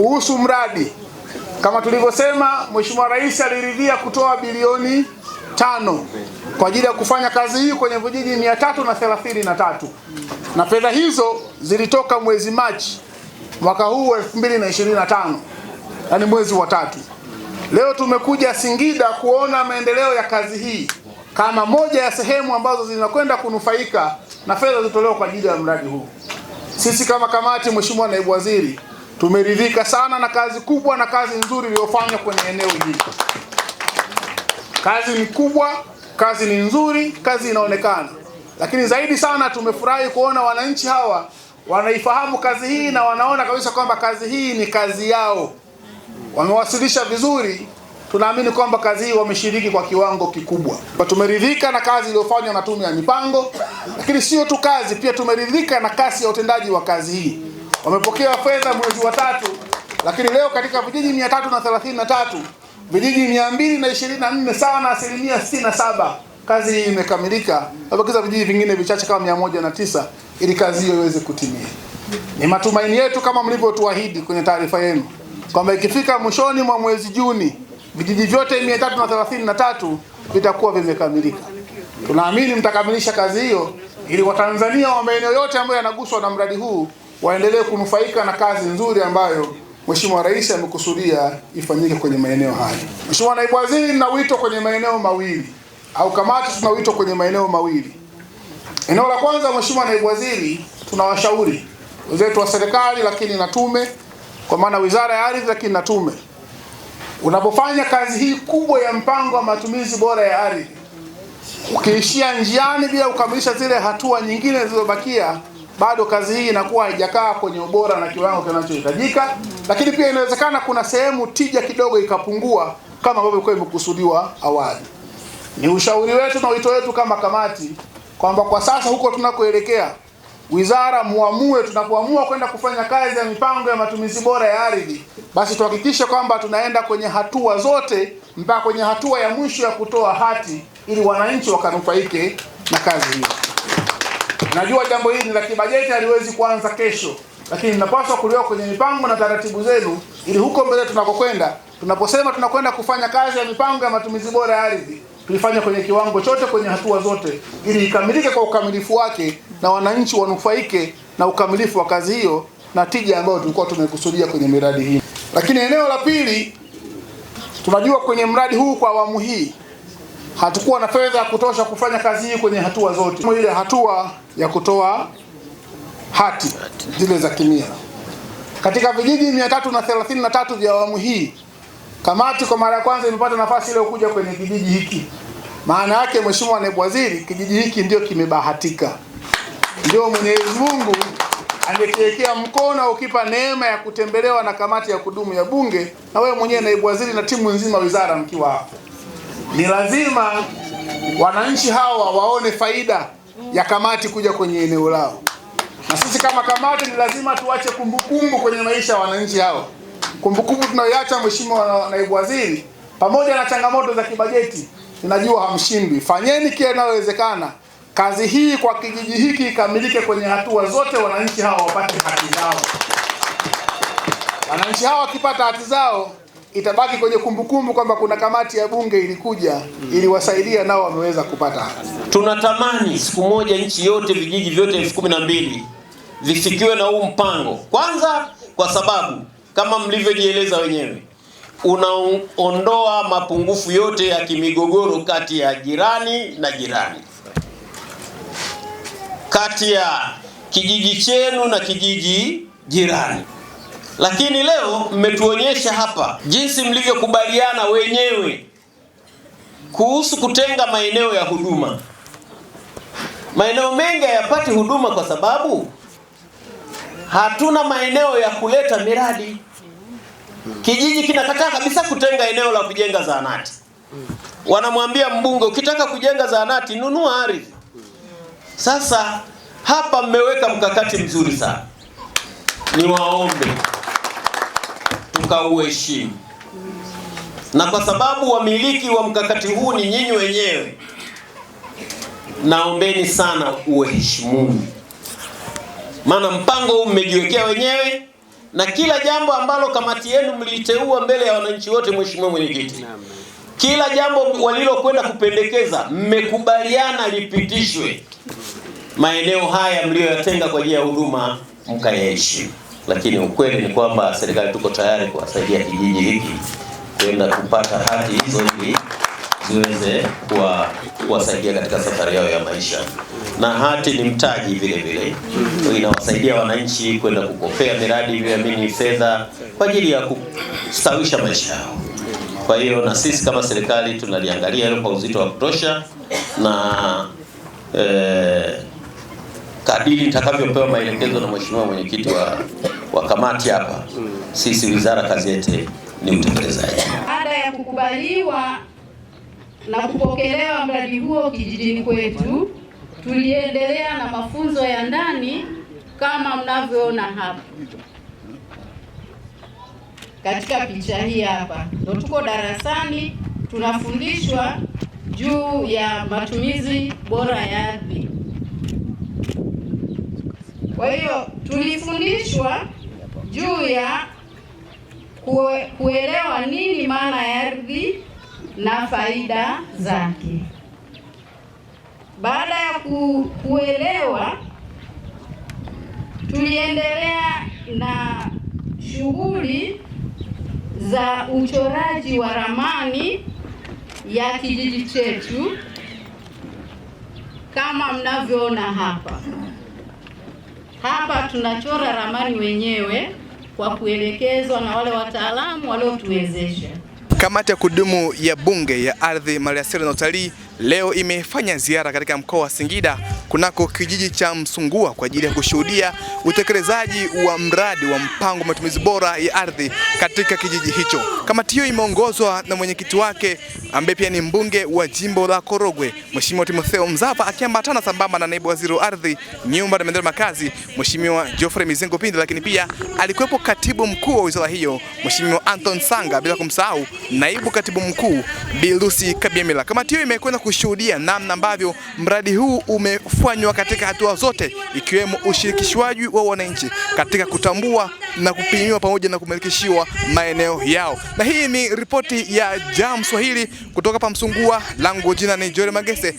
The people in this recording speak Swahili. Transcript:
Kuhusu mradi kama tulivyosema, Mheshimiwa Rais aliridhia kutoa bilioni tano kwa ajili ya kufanya kazi hii kwenye vijiji mia tatu na thelathini na tatu na fedha hizo zilitoka mwezi Machi mwaka huu tano yani mwezi wa tatu. Leo tumekuja Singida kuona maendeleo ya kazi hii kama moja ya sehemu ambazo zinakwenda kunufaika na fedha zilizotolewa kwa ajili ya mradi huu. Sisi kama kamati, Mheshimiwa Naibu Waziri, Tumeridhika sana na kazi kubwa na kazi nzuri iliyofanywa kwenye eneo hili. Kazi ni kubwa, kazi ni nzuri, kazi inaonekana, lakini zaidi sana tumefurahi kuona wananchi hawa wanaifahamu kazi hii na wanaona kabisa kwamba kazi hii ni kazi yao. Wamewasilisha vizuri, tunaamini kwamba kazi hii wameshiriki kwa kiwango kikubwa. Kwa tumeridhika na kazi iliyofanywa na Tume ya Mipango, lakini sio tu kazi, pia tumeridhika na kasi ya utendaji wa kazi hii wamepokea fedha mwezi wa tatu, lakini leo katika vijiji 333 vijiji 224 sawa na asilimia saba kazi hii imekamilika. Abakiza vijiji vingine vichache kama na tisa ili kazi hiyo iweze kutimia. Ni matumaini yetu kama mlivyotuahidi kwenye taarifa yenu kwamba ikifika mwishoni mwa mwezi Juni vijiji vyote 333 vitakuwa vimekamilika. Tunaamini mtakamilisha kazi hiyo ili Watanzania wa maeneo yote ambayo yanaguswa na mradi huu waendelee kunufaika na kazi nzuri ambayo Mheshimiwa Rais amekusudia ifanyike kwenye maeneo hayo. Mheshimiwa Naibu Waziri, na wito kwenye maeneo mawili au kamati tuna wito kwenye maeneo mawili. Eneo la kwanza, Mheshimiwa Naibu Waziri, tunawashauri wenzetu wa serikali lakini na tume, kwa maana Wizara ya Ardhi lakini na tume, unapofanya kazi hii kubwa ya mpango wa matumizi bora ya ardhi, ukiishia njiani bila kukamilisha zile hatua nyingine zilizobakia bado kazi hii inakuwa haijakaa kwenye ubora na kiwango kinachohitajika, lakini pia inawezekana kuna sehemu tija kidogo ikapungua kama ambavyo ilikuwa imekusudiwa awali. Ni ushauri wetu na wito wetu kama kamati kwamba kwa sasa huko tunakoelekea, wizara muamue, tunapoamua kwenda kufanya kazi ya mipango ya matumizi bora ya ardhi, basi tuhakikishe kwamba tunaenda kwenye hatua zote mpaka kwenye hatua ya mwisho ya kutoa hati ili wananchi wakanufaike na kazi hiyo. Najua jambo hili la kibajeti haliwezi kuanza kesho, lakini linapaswa kuliwa kwenye mipango na taratibu zenu, ili huko mbele tunakokwenda, tunaposema tunakwenda kufanya kazi ya mipango ya matumizi bora ya ardhi, tuifanye kwenye kiwango chote, kwenye hatua zote, ili ikamilike kwa ukamilifu wake na wananchi wanufaike na ukamilifu wa kazi hiyo na tija ambayo tulikuwa tumekusudia kwenye miradi hii. Lakini eneo la pili, tunajua kwenye mradi huu kwa awamu hii hatukuwa na fedha ya kutosha kufanya kazi hii kwenye hatua zote. Ile hatua ya kutoa hati zile za kimila katika vijiji 333 vya awamu hii. Kamati kwa mara ya kwanza imepata nafasi ile kuja kwenye kijiji hiki. Maana yake, Mheshimiwa Naibu Waziri, kijiji hiki ndio kimebahatika, ndio Mwenyezi Mungu amekiwekea mkono ukipa neema ya kutembelewa na kamati ya kudumu ya Bunge na wewe mwenyewe Naibu Waziri na timu nzima wizara mkiwa hapo, ni lazima wananchi hawa waone faida ya kamati kuja kwenye eneo lao, na sisi kama kamati ni lazima tuache kumbukumbu kwenye maisha ya wananchi hao. Kumbukumbu tunayoacha, Mheshimiwa Naibu Waziri, pamoja na changamoto za kibajeti, ninajua hamshindwi. Fanyeni kile inayowezekana kazi hii kwa kijiji hiki ikamilike kwenye hatua zote, wananchi hao wapate haki zao. Wananchi hao wakipata haki zao itabaki kwenye kumbukumbu kwamba kuna kamati ya bunge ilikuja mm. iliwasaidia nao wameweza kupata. Tunatamani siku moja nchi yote vijiji vyote elfu kumi na mbili vifikiwe na huu mpango kwanza, kwa sababu kama mlivyojieleza wenyewe unaondoa mapungufu yote ya kimigogoro kati ya jirani na jirani, kati ya kijiji chenu na kijiji jirani. Lakini leo mmetuonyesha hapa jinsi mlivyokubaliana wenyewe kuhusu kutenga maeneo ya huduma. Maeneo mengi hayapati huduma kwa sababu hatuna maeneo ya kuleta miradi. Kijiji kinakataa kabisa kutenga eneo la kujenga zahanati. Wanamwambia mbunge, ukitaka kujenga zahanati nunua ardhi. Sasa hapa mmeweka mkakati mzuri sana, niwaombe tukauheshimu. Na kwa sababu wamiliki wa mkakati huu ni nyinyi wenyewe, naombeni sana uheshimuni, maana mpango huu mmejiwekea wenyewe, na kila jambo ambalo kamati yenu mliteua mbele ya wananchi wote, Mheshimiwa Mwenyekiti, kila jambo walilokwenda kupendekeza mmekubaliana lipitishwe. Maeneo haya mliyoyatenga kwa ajili ya huduma mkayaheshimu lakini ukweli ni kwamba serikali tuko tayari kuwasaidia kijiji hiki kwenda kupata hati hizo ili ziweze kuwasaidia katika safari yao ya maisha, na hati ni mtaji vile vile, inawasaidia wananchi kwenda kukopea miradi iliyoamini fedha kwa ajili ya kustawisha maisha yao. Kwa hiyo na sisi kama serikali tunaliangalia hilo kwa uzito wa kutosha na eh, kadiri itakavyopewa maelekezo na mheshimiwa mwenyekiti wa, wa kamati hapa, sisi wizara kazi yetu ni utekelezaji. Baada ya kukubaliwa na kupokelewa mradi huo kijijini kwetu, tuliendelea na mafunzo ya ndani kama mnavyoona hapa katika picha hii hapa, ndo tuko darasani tunafundishwa juu ya matumizi bora ya ardhi. Kwa hiyo tulifundishwa juu ya kue, kuelewa nini maana ya ardhi na faida zake. Baada ya ku, kuelewa tuliendelea na shughuli za uchoraji wa ramani ya kijiji chetu kama mnavyoona hapa. Hapa tunachora ramani wenyewe kwa kuelekezwa na wale wataalamu waliotuwezesha. Kamati ya kudumu ya Bunge ya Ardhi, Maliasili na Utalii leo imefanya ziara katika mkoa wa Singida kunako kijiji cha Msungua kwa ajili ya kushuhudia utekelezaji wa mradi wa mpango matumizi bora ya ardhi katika kijiji hicho. Kamati hiyo imeongozwa na mwenyekiti wake ambaye pia ni mbunge wa jimbo la Korogwe, Mheshimiwa Timotheo Mzava akiambatana sambamba na naibu waziri wa ardhi, nyumba na maendeleo makazi, Mheshimiwa Geoffrey Mizengo Pinda, lakini pia alikuwepo katibu mkuu wa wizara hiyo Mheshimiwa Anton Sanga, bila kumsahau naibu katibu mkuu Bilusi Kabiemila. Kamati hiyo imekwenda kushuhudia namna ambavyo mradi huu ume kufanywa katika hatua zote ikiwemo ushirikishwaji wa wananchi katika kutambua na kupimiwa pamoja na kumilikishiwa maeneo yao. Na hii ni ripoti ya JAM Swahili kutoka pa Msungua, langu jina ni Joel Magese.